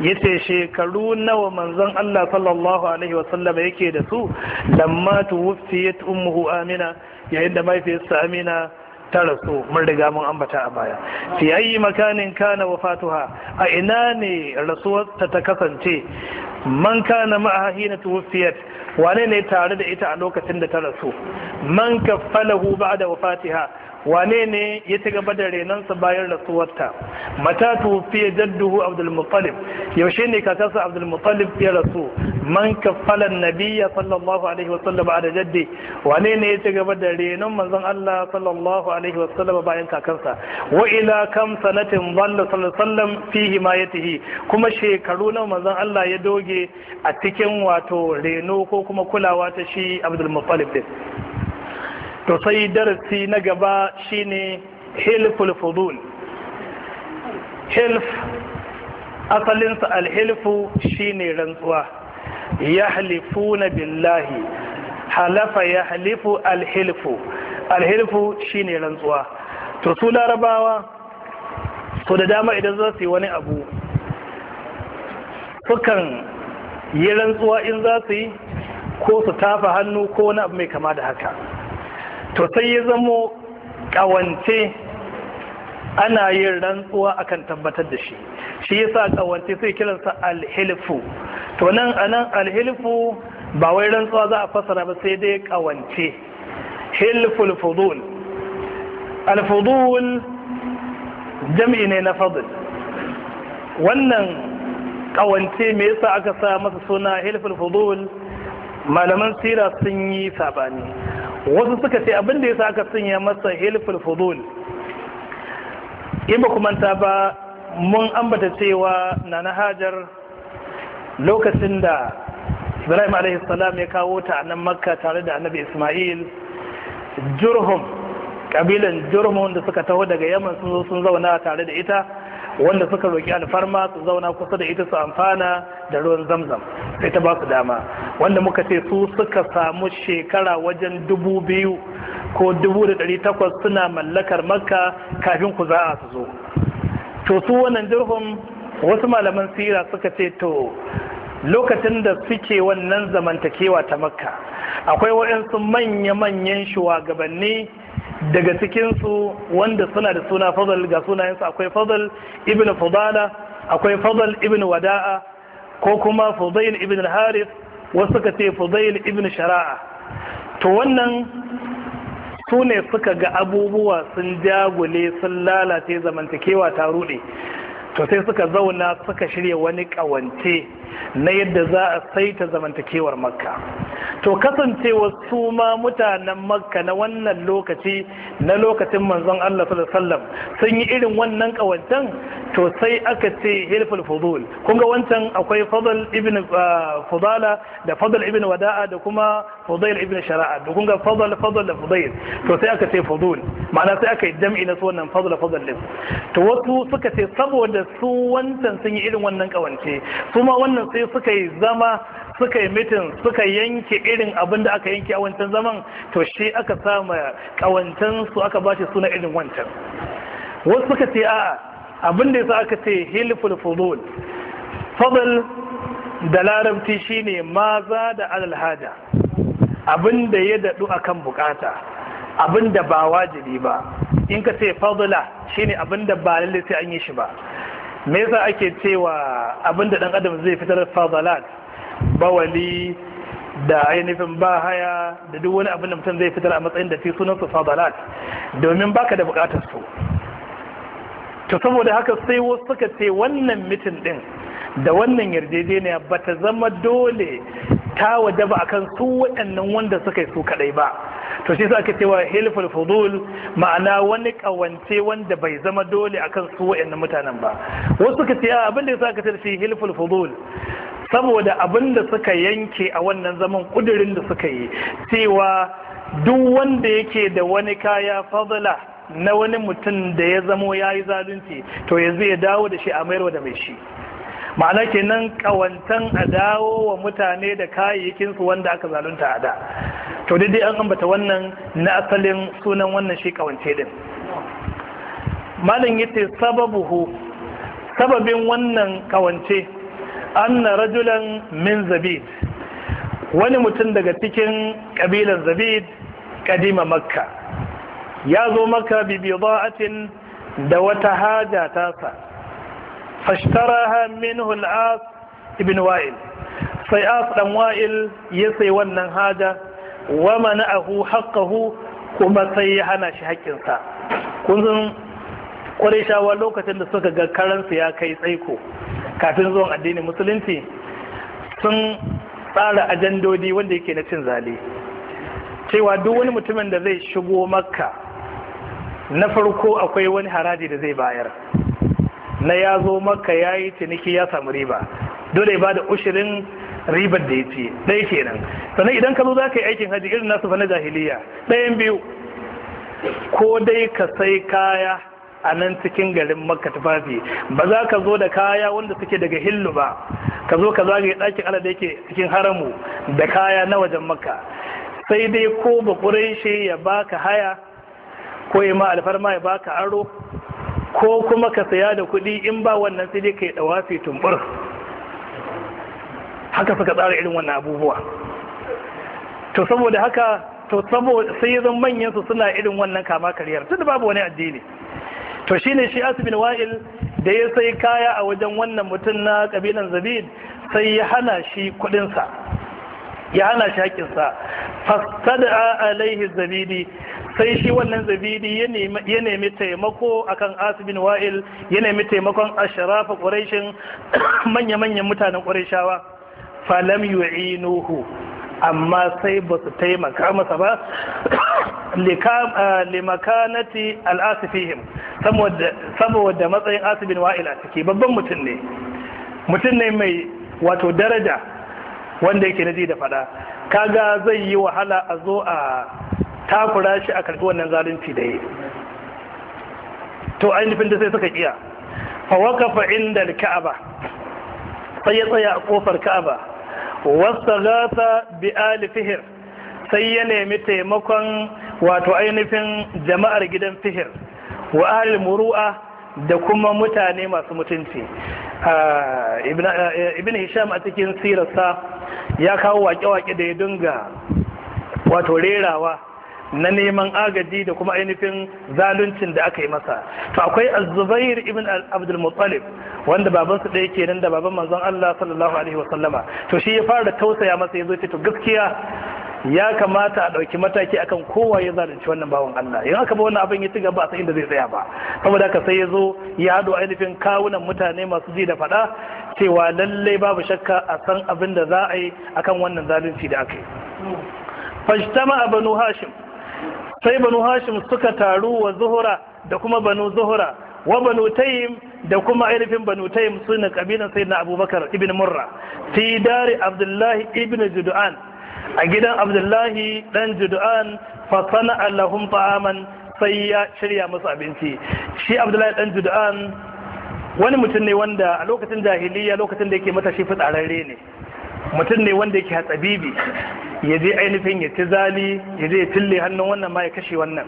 yace shekaru nawa manzon Allah sallallahu alaihi wasallam yake da su lamma tuwfiyat ummuhu amina yayin da mahaifiyarsa amina ta rasu mun riga mun ambata a baya fi ayi makanin kana fatuha a ina ne rasuwarta ta kasance man kana ma'aha hina tuwfiyat wane ne tare da ita a lokacin da ta rasu man kaffalahu ba'da wafatiha wane ne ya ci gaba da renonsa bayan rasuwarta mata tufi jadduhu abdul muttalib yaushe ne kakarsa abdul muttalib ya rasu man kaffalan nabiyya sallallahu alaihi wa sallam da jaddi wane ne ya ci gaba da renon manzon Allah sallallahu alaihi wa sallam bayan kakarsa wa ila kam sanatin dhalla sallallahu sallam fi himayatihi kuma shekaru na manzon Allah ya doge a cikin wato reno ko kuma kulawa ta shi abdul muttalib din to sai darasi na gaba shine hilful fudul hilf asalinsa alhilfu shine rantsuwa ya na billahi halafa ya alhilfu alhilfu shine rantsuwa to su larabawa su da dama idan za su yi wani abu sukan yi rantsuwa in za su yi ko su tafa hannu ko wani abu mai kama da haka to sai ya zamo ƙawance ana yin rantsuwa akan tabbatar da shi shi yasa ƙawance sai kiransa alhilfu to nan anan alhilfu ba wai rantsuwa za a fasara ba sai dai ƙawance hilful fudul alfudul jam'i ne na fadl wannan ƙawance me yasa aka sa masa suna hilful fudul malaman sira sun yi sabani wasu suka ce abin da sa aka sanya masa hilful fudul in ba kuma ta ba mun ambata cewa na na hajar lokacin da ibrahim alaihi ya kawo ta nan makka tare da annabi isma'il jurhum kabilan jurhum wanda suka taho daga yaman sun sun zauna tare da ita wanda suka roƙi alfarma su zauna kusa da ita su amfana da ruwan zamzam sai ta ba su dama wanda muka ce su suka samu shekara wajen dubu biyu ko dubu da ɗari takwas suna mallakar makka kafin ku za'a su zo to su wannan jirgin wasu malaman sira suka ce to lokacin da suke wannan zamantakewa ta makka akwai waɗansu manya-manyan shugabanni daga cikinsu wanda suna da suna fadal ga sunayensu akwai fadal ibn fadala akwai fadal ibn wada'a ko kuma fudail ibn harith wasu suka ce fudail ibn shara'a to wannan su ne suka ga abubuwa sun jagule sun lalace zamantakewa ta rude to sai suka zauna suka shirya wani kawance na yadda za a saita zamantakewar makka to kasancewa su ma mutanen makka na wannan lokaci na lokacin manzon Allah sallam sun yi irin wannan kawantan to sai aka ce hilful fudul kun ga wancan akwai fadl ibn uh, fudala da fadl ibn wada'a da kuma fudail ibn shara'a da kun ga fadl fadl da fudail to sai aka ce fudul ma'ana sai aka yi jam'i na su wannan fadl fadl din to wasu suka ce saboda su wancan sun yi irin wannan kawance su ma wannan kawai sai suka yi zama suka yi mitin suka yanke irin abin da aka yanke a wancan zaman to shi aka sama kawancan su aka ba shi suna irin wancan wasu suka ce a'a abin da yasa aka ce hilful fudul fadl da larabci shine maza da alal haja abin da ya dadu akan bukata abin da ba wajibi ba in ka ce fadla shine abin da ba lalle sai an yi shi ba me yasa ake cewa abinda dan adam zai fitar fadalat bawali da ainihin bahaya da duk wani abin da mutum zai fitar a matsayin da fi sunan su fadalat domin baka da bukatar su to saboda haka sai wasu suka ce wannan mitin din da wannan yarjejeniya ba ta zama dole ta wajaba akan su waɗannan wanda suka yi su kadai ba to shi sa aka cewa hilful fudul ma'ana wani kawance wanda bai zama dole akan su wayannan mutanen ba wasu suka ce abin da yasa aka ce shi hilful fudul saboda abin da suka yanke a wannan zaman kudirin da suka yi cewa duk wanda yake da wani kaya fadala na wani mutum da ya zamo yayi zalunci to yanzu ya dawo da shi a mayarwa da mai shi ma'ana kenan kawantan a dawo wa mutane da kayayyakinsu wanda aka zalunta a da to dai an ambata wannan na asalin sunan wannan shi kawance din malin yace sababuhu sababin wannan kawance anna rajulan min zabid wani mutum daga cikin kabilan zabid kadima makka ya zo maka bi da wata haja tasa fashtaraha minhu as ibn wa'il sai as ɗan wa'il ya sayi wannan haja wa mana'ahu haqqahu kuma sai ya hana shi sa kun san shawa lokacin da suka ga karansu ya kai tsaiko kafin zuwan addinin musulunci sun tsara ajandodi wanda yake na cin zali cewa duk wani mutumin da zai shigo makka na farko akwai wani haraji da zai bayar na ya zo maka ya yi ciniki ya samu riba dole ba da ushirin ribar da ya ce ɗaya kenan sannan idan ka zo za ka yi aikin hajji irin nasu fa na jahiliya ɗayan biyu ko dai ka sai kaya a nan cikin garin makka tufafi ba za ka zo da kaya wanda suke daga hillu ba ka zo ka zagaye ɗakin ala da yake cikin haramu da kaya na wajen makka sai dai ko ba shi ya baka haya ko ya ma alfarma ya baka aro ko kuma ka saya da kuɗi in ba wannan sai dai ka yi ɗawafi tumbur haka suka tsara irin wannan abubuwa to saboda haka to saboda sai zan manyan su suna irin wannan kama kariyar tun da babu wani addini to shi ne shi asibin wa'il da ya sai kaya a wajen wannan mutum na kabilan zabid sai ya hana shi kudinsa ya hana shi haƙinsa fastada alaihi zabidi sai shi wannan zabidi ya nemi taimako akan asibin wa'il ya nemi taimakon asharafa ƙwarashin manya-manyan mutanen ƙwarashawa falam nuhu amma sai ba su taimaka masa ba limakanati ah, al'asifihim saboda matsayin asibin wa'il a ciki babban mutum ne mutum ne mai wato daraja wanda yake ji da fada kaga zai yi wahala a zo a takura shi a karfi wannan zalunci da yi to ainihin da sai suka iya fawakafa inda ka'aba sai ya tsaya a kofar ka'aba wasta gata bi alifihir sai ya nemi taimakon wato ainihin jama'ar gidan fihir wa alimuru'a da kuma mutane masu mutunci ah, eh, ibn hisham a cikin sirarsa ya kawo wake-wake da ya dunga wato rerawa na neman agaji da kuma ainihin zaluncin da aka yi masa to akwai az-zubair ibn abdul muttalib wanda baban su ɗaya kenan da baban manzon Allah sallallahu alaihi wa sallama to shi ya fara tausaya masa yazo ce to gaskiya ya kamata a ɗauki mataki akan kowa ya zalunci wannan bawan Allah in aka ba wannan abin ya ci ba a inda zai tsaya ba saboda haka sai ya zo ya hado ainihin kawunan mutane masu ji da faɗa cewa lallai babu shakka a san abin da za a yi akan wannan zalunci da aka yi fajtama banu hashim sai banu hashim suka taru wa zuhura da kuma banu zuhura wa banu tayyim da kuma ainihin banu tayyim suna kabilan na abubakar ibn murra fi dari abdullahi ibn judu'an a gidan abdullahi dan judu'an fa sana'a lahum ta'aman sai ya shirya musu abinci shi abdullahi dan judu'an wani mutum ne wanda a lokacin jahiliya lokacin da yake matashi fitsararre ne mutum ne wanda yake hatsabibi ya je ainihin ya ci zali ya je ya tille hannun wannan ma ya kashe wannan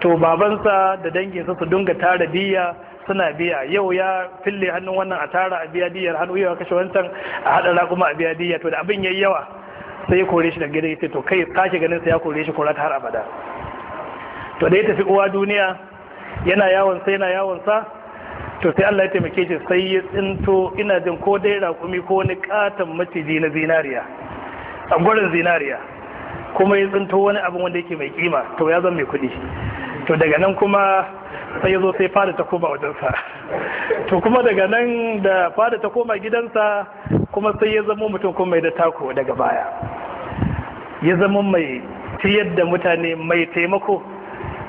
to babansa da danginsa su dinga tara biya suna biya yau ya fille hannun wannan a tara a biya diyar hannu yau kashe wancan a haɗa kuma a biya diya to da abin yayi yawa sai ya kore shi daga gidan yace to kai kashe ganin sa ya kore shi kora ta har abada to da ya tafi uwa duniya yana yawon sa yana yawon sa to sai Allah ya taimake shi sai ya tsinto ina jin ko dai raƙumi ko wani katon maciji na zinariya a gurin zinariya kuma ya tsinto wani abin wanda yake mai kima to ya zan mai kuɗi to daga nan kuma sai ya zo sai fada ta koma wajensa to kuma daga nan da fada ta koma gidansa kuma sai ya zama mutum kuma mai da tako daga baya ya zama mai ciyar da mutane mai taimako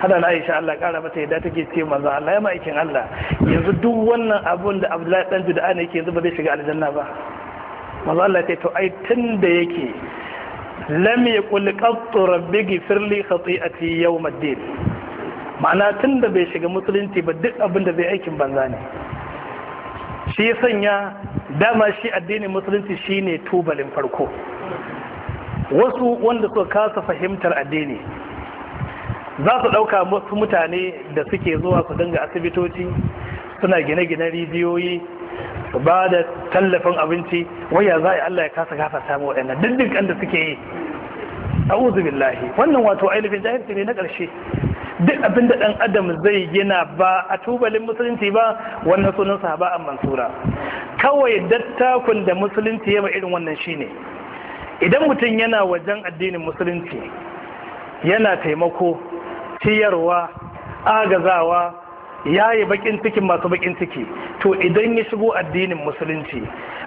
hada na aisha Allah kara mata yadda take ce manzo Allah ya ma'aikin Allah yanzu duk wannan abun da Abdullahi dan Juda'a ne yake yanzu ba zai shiga aljanna ba manzo Allah ya to ai tun da yake lam yaqul qattu rabbi ghfir li khati'ati yawm ad-din ma'ana tun da bai shiga musulunci ba duk abin da zai aikin banza ne shi ya sanya dama shi addinin musulunci shine tubalin farko wasu wanda suka kasa fahimtar addini za su ɗauka masu mutane da suke zuwa su dinga asibitoci suna gine-gine rijiyoyi su ba da tallafin abinci waya za a Allah ya kasa kasa samu waɗannan kan da suke yi a billahi wannan wato ainihin jahilci ne na ƙarshe duk abin da ɗan adam zai gina ba a tubalin musulunci ba wannan sunan sahaba a mansura kawai dattakun da musulunci ya irin wannan shi ne. idan mutum yana wajen addinin musulunci yana taimako ciyarwa agazawa ya yi bakin cikin masu bakin ciki to idan ya shigo addinin musulunci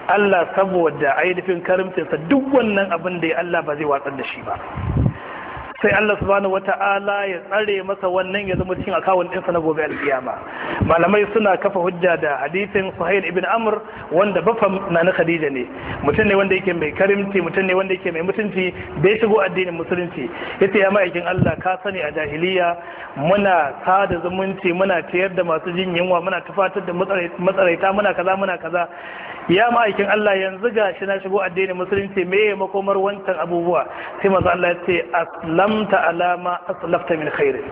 Allah saboda ainihin karimcinsa duk wannan abin da ya Allah ba zai watsar da shi ba sai Allah subhanahu wata'ala ya tsare masa wannan ya zama cikin akawun ɗinsa na gobe alkiyama malamai suna kafa hujja da hadisin suhail ibn amr wanda bafa na na khadija ne mutum ne wanda yake mai karimci mutum ne wanda yake mai mutunci da ya shigo addinin musulunci yace ya ma'aikin Allah ka sani a jahiliya muna sada zumunci muna ciyar da masu jin yunwa muna tufatar da matsaraita muna kaza muna kaza ya ma'aikin Allah yanzu ga shi na shigo addinin musulunci me makomar wancan abubuwa sai manzo Allah ya ce aslam aslamta alama asalafta min khairi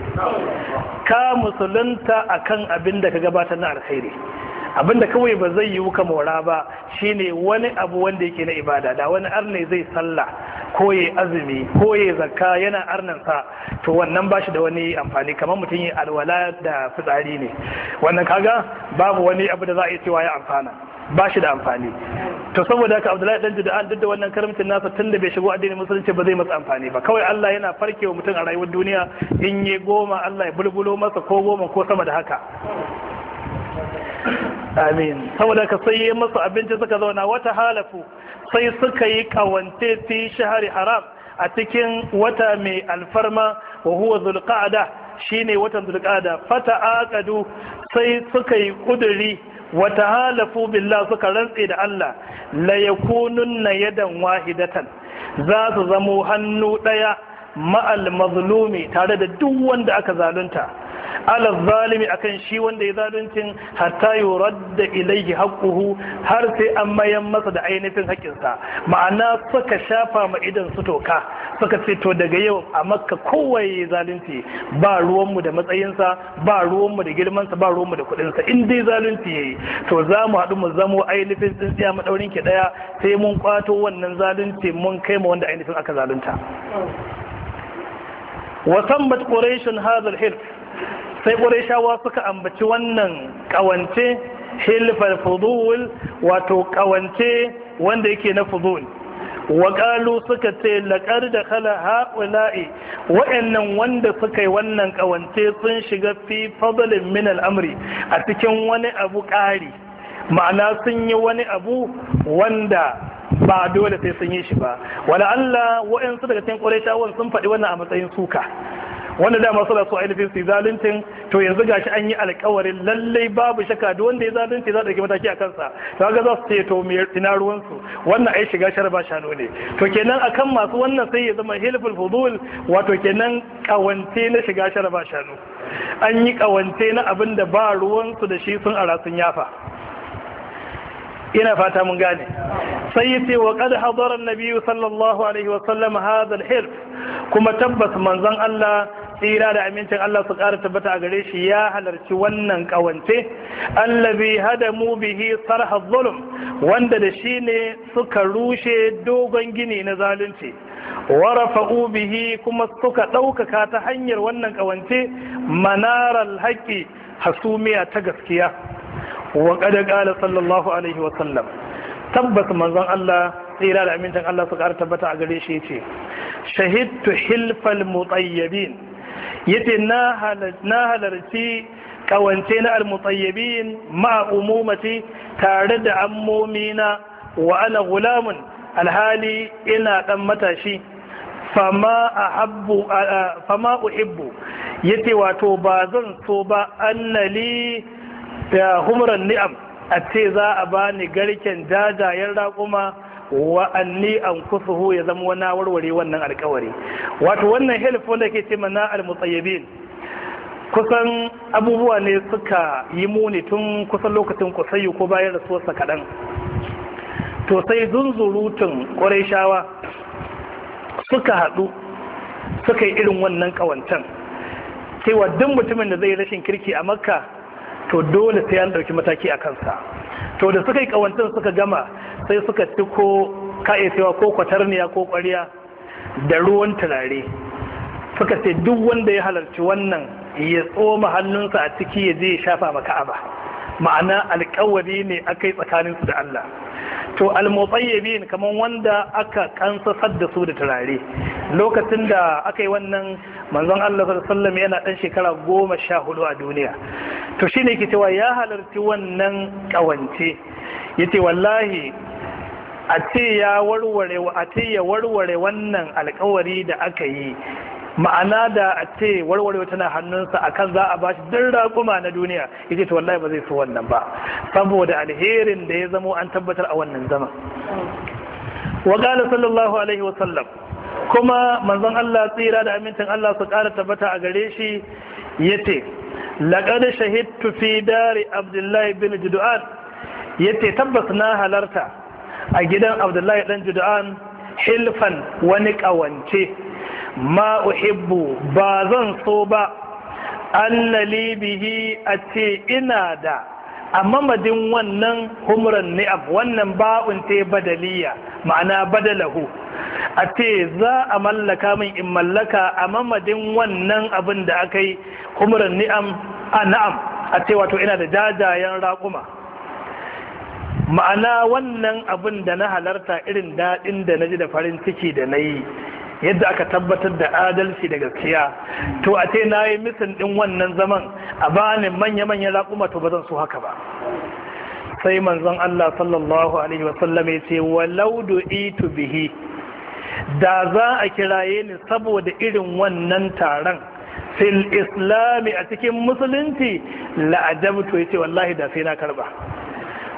ka musulunta akan abin da ka gabatar na alkhairi abinda kawai ba zai yiwu ka mora ba shine wani abu wanda yake na ibada da wani arne zai sallah ko ya azumi ko ya zakka yana arnansa to wannan bashi da wani amfani kamar mutum ya alwala da fitsari ne wannan kaga babu wani abu da za a yi cewa ya amfana ba shi da amfani to saboda haka abdullahi dan jida'an duk da wannan karamcin nasa tun da bai shigo addinin musulunci ba zai masa amfani ba kawai Allah yana farkewa mutum a rayuwar duniya in yi goma Allah ya bulbulo masa ko goma ko sama da haka amin saboda ka sai yi masu abinci suka zauna wata halafu sai suka yi kawance fi shahari haram a cikin wata mai alfarma wa huwa zulqa'ada shine watan zulqa'ada fata aqadu sai suka yi kuduri wata halafu billah suka rantse da Allah la yakununna yadan wahidatan za su zamo hannu daya ma'al mazlumi tare da duk wanda aka zalunta ala zalimi akan shi wanda ya zaluncin hatta da ilaihi haqquhu har sai an mayan masa da ainihin haƙinsa ma'ana suka shafa ma idan su toka suka ce to daga yau a makka ya zalunci ba ruwanmu da matsayinsa ba ruwanmu da girmansa ba ruwanmu da kuɗinsa in dai zalunci ya yi to za mu haɗu mu zamo ainihin tsintsiya maɗaurin ki ɗaya sai mun kwato wannan zalunci mun kai ma wanda ainihin aka zalunta oh. wasan bat ƙorashin hazar hilf sai shawa suka ambaci wannan ƙawance hilfar fuzul wato ƙawance wanda yake na fuzul waƙalu suka ce laƙar da kala haƙula'i wa'annan wanda suka yi wannan ƙawance sun shiga fi fadalin min al'amri a cikin wani abu ƙari ma'ana sun yi wani abu wanda ba dole sai sun yi shi ba wala Allah wa'ansu daga cikin ƙureshawan sun faɗi wannan a matsayin suka wanda dama suna so ainihin su to yanzu gashi an yi alkawarin lallai babu shaka duk wanda ya zalunci za ta mataki a kansa to ga za su ce to me ina ruwansu wannan ai shiga ba shano ne to kenan akan masu wannan sai ya zama hilful fudul wato kenan kawance na shiga ba shano an yi kawance na abin da ba ruwansu da shi sun ara sun yafa ina fata mun gane sai yace wa qad hadara Nabiyu sallallahu alaihi wa sallam hirf kuma tabbas manzon Allah tsira da amincin Allah su ƙara tabbata a gare shi ya halarci wannan ƙawance allabi mu bihi sarha zulum wanda da shi ne suka rushe dogon gini na zalunci warafa ubihi kuma suka ɗaukaka ta hanyar wannan ƙawance manaral haƙƙi hasumiya ta gaskiya wa kada ƙala sallallahu alaihi wasallam tabbas manzon Allah tsira da amintan Allah su ƙara tabbata a gare shi ce shahidtu hilfal mutayyibin yace na halarci kawance na almutayyibin ma umumati tare da ammomina wa ana gulamun alhali ina dan matashi fama ahabbu fama uhibbu yace wato ba zan so ba annali da humran ni'am a ce za a bani garken jajayen raƙuma wa anni an kusuhu ya zama wani warware wannan alkawari wato wannan helif wanda ke ce mana almutsayyabin kusan abubuwa ne suka yi muni tun kusan lokacin kusayu ko bayan rasuwarsa kaɗan to sai zunzurutun shawa suka haɗu suka yi irin wannan ƙawancan cewa duk mutumin da zai rashin kirki a makka to dole sai an ɗauki mataki a kansa to da suka yi kawancin suka gama sai suka ci ko ka'efewa ko kwatarniya ko kwariya da ruwan turare suka ce duk wanda ya halarci wannan ya tsoma hannunsa a ciki ya je ya shafa maka'aba, ma'ana alkawari ne aka yi tsakaninsu da Allah to almutsayyibin kaman wanda aka kansasar da su da turare lokacin da aka yi wannan manzon Allah sallallahu yana dan shekara goma sha hudu a duniya to shine yake cewa ya halarci wannan kawance yace wallahi a ce ya warware a ce ya warware wannan alkawari da aka yi ma'ana da a ce warwarewa tana hannunsa akan za a bashi dirra raƙuma na duniya yace ta wallahi ba zai so wannan ba saboda alherin da ya zamo an tabbatar a wannan zama wa gala sallallahu alaihi wa kuma manzon Allah tsira da amincin Allah su ƙara tabbata a gare shi yace laqad shahidtu fi dari abdullahi bin judu'an yace tabbas na halarta a gidan abdullahi dan judu'an hilfan wani kawance ma uhibbu ba zan so ba annali bihi a ce ina da a mamadin wannan humran ni'ab wannan ba'un te badaliya ma'ana badalahu a ce za a mallaka min in mallaka a mamadin wannan abin da aka yi humran ni'am a na'am a ce wato ina da jajayen raƙuma ma'ana wannan abin da na halarta irin daɗin da na ji da farin ciki da na yi yadda aka tabbatar da adalci da gaskiya to a ce na yi misin ɗin wannan zaman a bani manya-manya raƙuma to ba zan so haka ba sai manzon Allah sallallahu alaihi wasallam ya ce walau itu bihi da za a kiraye ni saboda irin wannan taron fil islami a cikin musulunci ya yace wallahi da sai na karba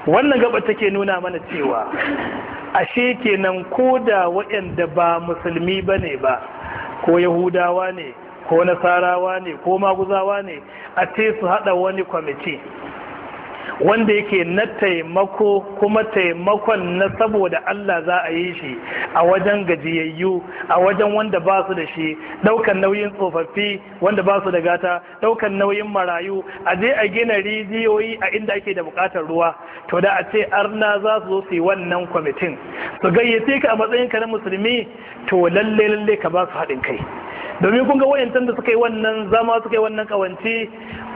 wannan gaba take nuna mana cewa ashe kenan ko da waɗanda ba musulmi ba ne ba ko yahudawa ne ko nasarawa ne ko maguzawa ne a ce su haɗa wani kwamiti wanda yake na taimako kuma taimakon na saboda Allah za a yi shi a wajen gajiyayyu a wajen wanda ba su da shi ɗaukan nauyin tsofaffi wanda ba su da gata ɗaukan nauyin marayu a je a gina rijiyoyi a inda ake da bukatar ruwa to da a ce arna za su zo su wannan kwamitin su gayyace ka a matsayin ka na musulmi to lalle lalle ka ba su haɗin kai domin kun ga wayantan da suka yi wannan zama suka yi wannan kawance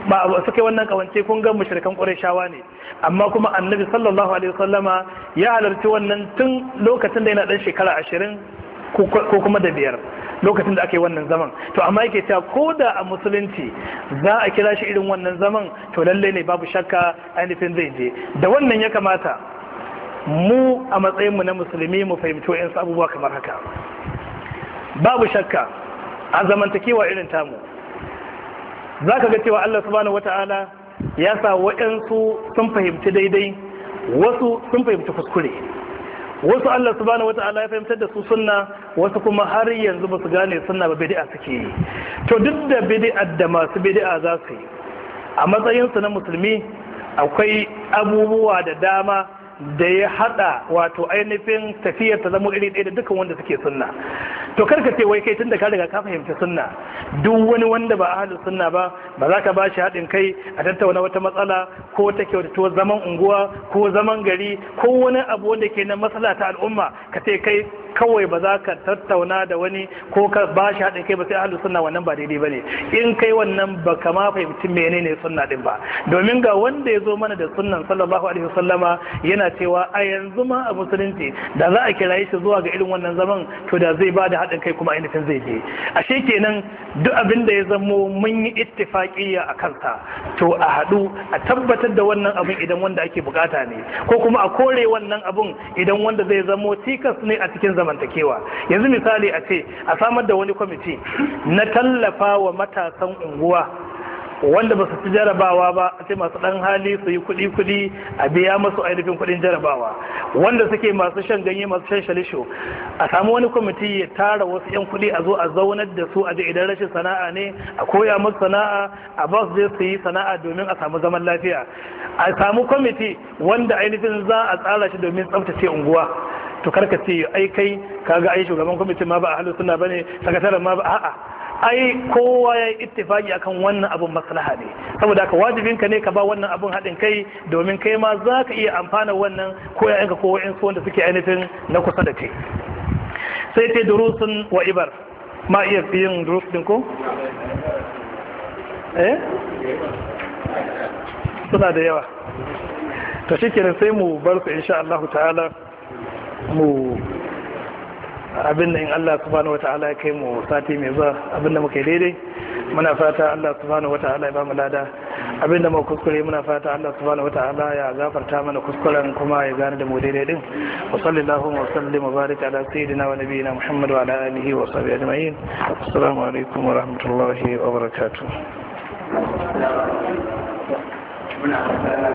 ba suka yi wannan kawance kun ga mushrikan qurayshawa ne amma kuma annabi sallallahu alaihi wasallama ya halarci wannan tun lokacin da yana dan shekara 20 ko kuma da biyar lokacin da aka yi wannan zaman to amma yake cewa ko da a musulunci za a kira shi irin wannan zaman to lallai ne babu shakka ainihin zai je da wannan ya kamata mu a matsayin mu na musulmi mu fahimci wa'yansu abubuwa kamar haka babu shakka a zamantakewa irin tamu za ka ga cewa Allah subhanahu wata'ala ya sa waɗansu sun fahimci daidai wasu sun fahimci kuskure wasu Allah subhanahu wata'ala ya fahimtar da su sunna wasu kuma har yanzu ba su gane sunna ba bid'a suke yi to duk da bid'a da masu bid'a za su yi a matsayinsu na musulmi akwai abubuwa da dama da ya hada wato ainihin tafiyar ta zama iri ɗaya da dukkan wanda suke sunna to karka ce wai kai tun da ka riga ka fahimci sunna duk wani wanda ba ahli sunna ba ba za ka bashi haɗin kai a tattauna wata matsala ko ta kyautato zaman unguwa ko zaman gari ko wani abu wanda ke na matsala ta al'umma ka ce kai kawai ba za ka tattauna da wani ko ka bashi haɗin kai ba sai ahli sunna wannan ba daidai bane in kai wannan ba ka ma fahimci menene sunna din ba domin ga wanda ya zo mana da sunnan sallallahu alaihi wasallama yana cewa a yanzu ma a musulunci da za a kira shi zuwa ga irin wannan zaman to da zai ba da haɗin kai kuma ainihin zai je ashe kenan duk abin da ya zamo mun yi ittifaƙiyya a kansa to a haɗu a tabbatar da wannan abin idan wanda ake bukata ne ko kuma a kore wannan abin idan wanda zai zamo tikas ne a cikin zamantakewa yanzu misali a ce a samar da wani kwamiti na tallafa wa matasan unguwa wanda ba su ci jarabawa ba sai masu dan hali su yi kudi kudi a biya masu ainihin kudin jarabawa wanda suke masu shan ganye masu shan shalisho a samu wani kwamiti ya tara wasu yan kudi a zo a zaunar da su a ji idan rashin sana'a ne a koya musu sana'a a ba su je su yi sana'a domin a samu zaman lafiya a samu kwamiti wanda ainihin za a tsara shi domin tsaftace unguwa to karka ce ai kai kaga ai shugaban kwamitin ma ba a halittuna suna bane sakataren ma ba a'a ai kowa ya yi ittifaki akan wannan abun maslaha ne saboda haka wajibinka ne ka ba wannan abun haɗin kai domin kai ma za ka iya amfana wannan ko yayanka ko wa'insu wanda suke ainihin na kusa da kai sai ce durusun wa ibar ma iya yin durus din ko eh suna da yawa to shikenan sai mu bar su insha Allah ta'ala mu abin da in Allah subhanahu wata'ala ya kai mu sati mai zuwa abin da muke daidai muna fata Allah subhanahu wata'ala ya ba mu lada abin da mu kuskure muna fata Allah subhanahu wata'ala ya gafarta mana kuskuren kuma ya gane da mu daidai din wa sallallahu wa sallim wa barik ala sayyidina wa nabiyina Muhammad wa ala alihi wa sahbihi ajma'in assalamu alaikum wa rahmatullahi wa barakatuh